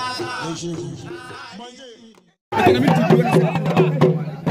Thank you.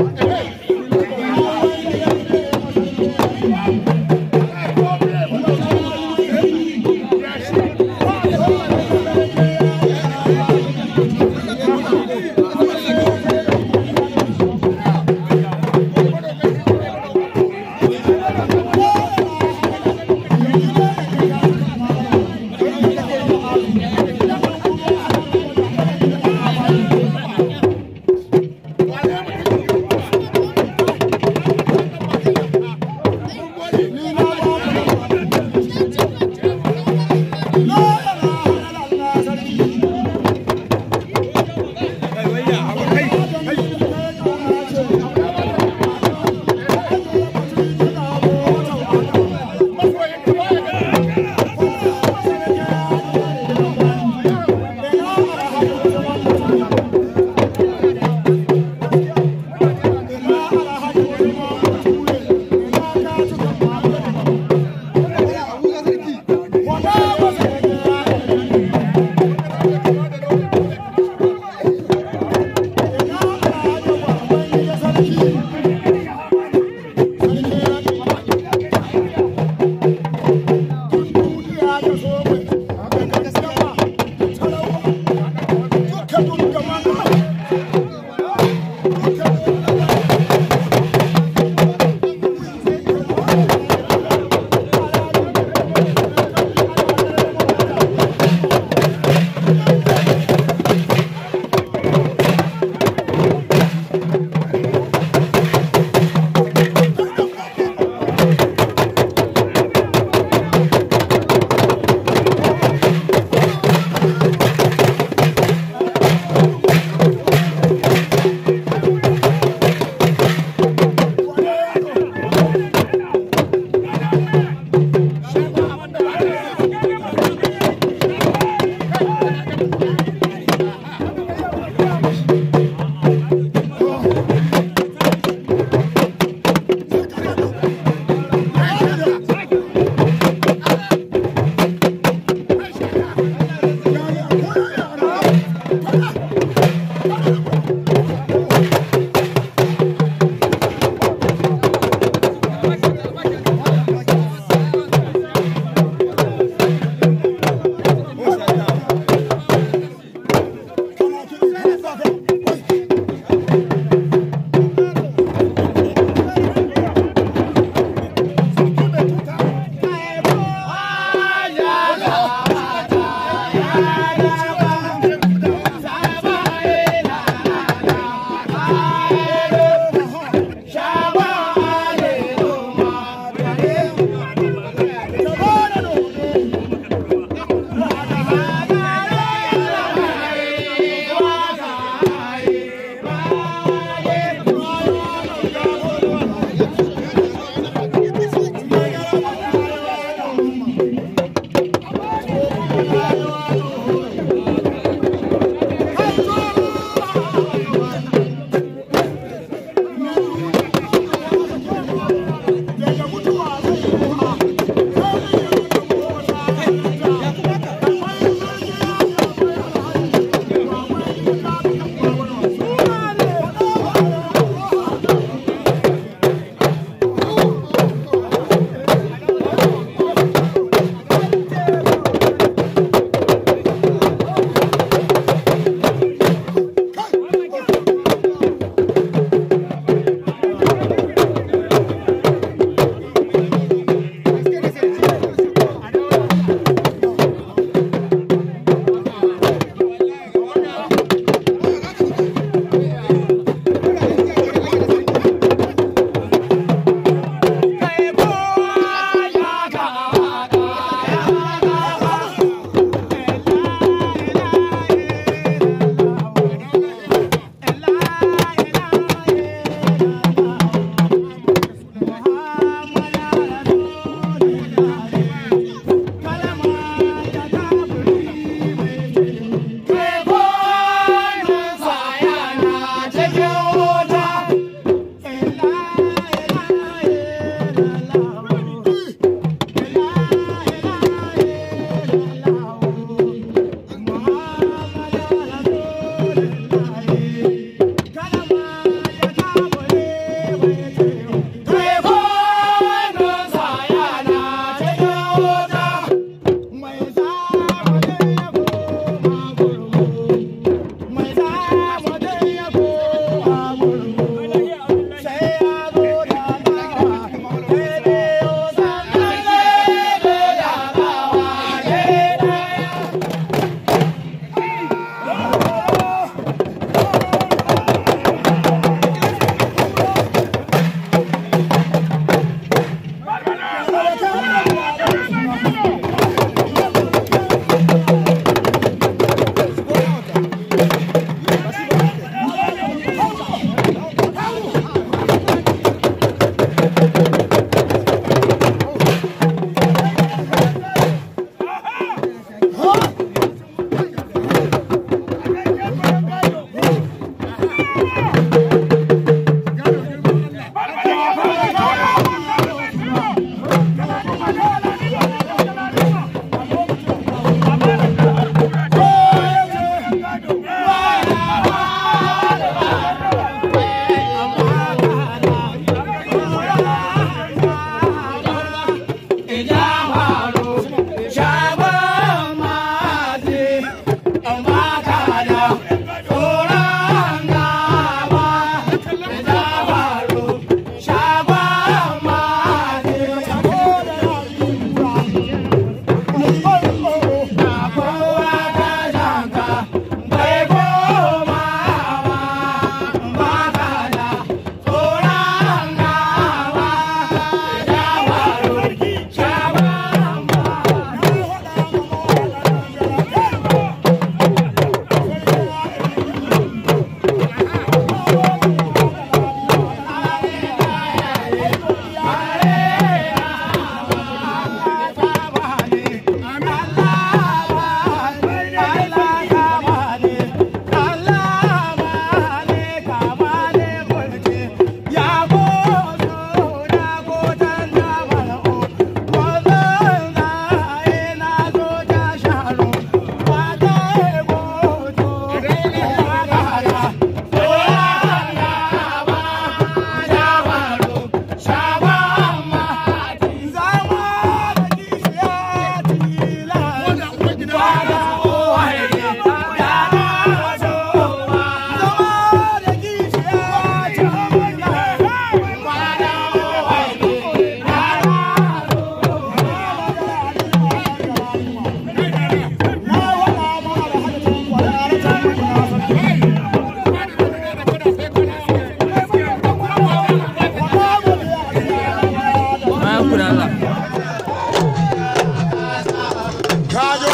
Chicago.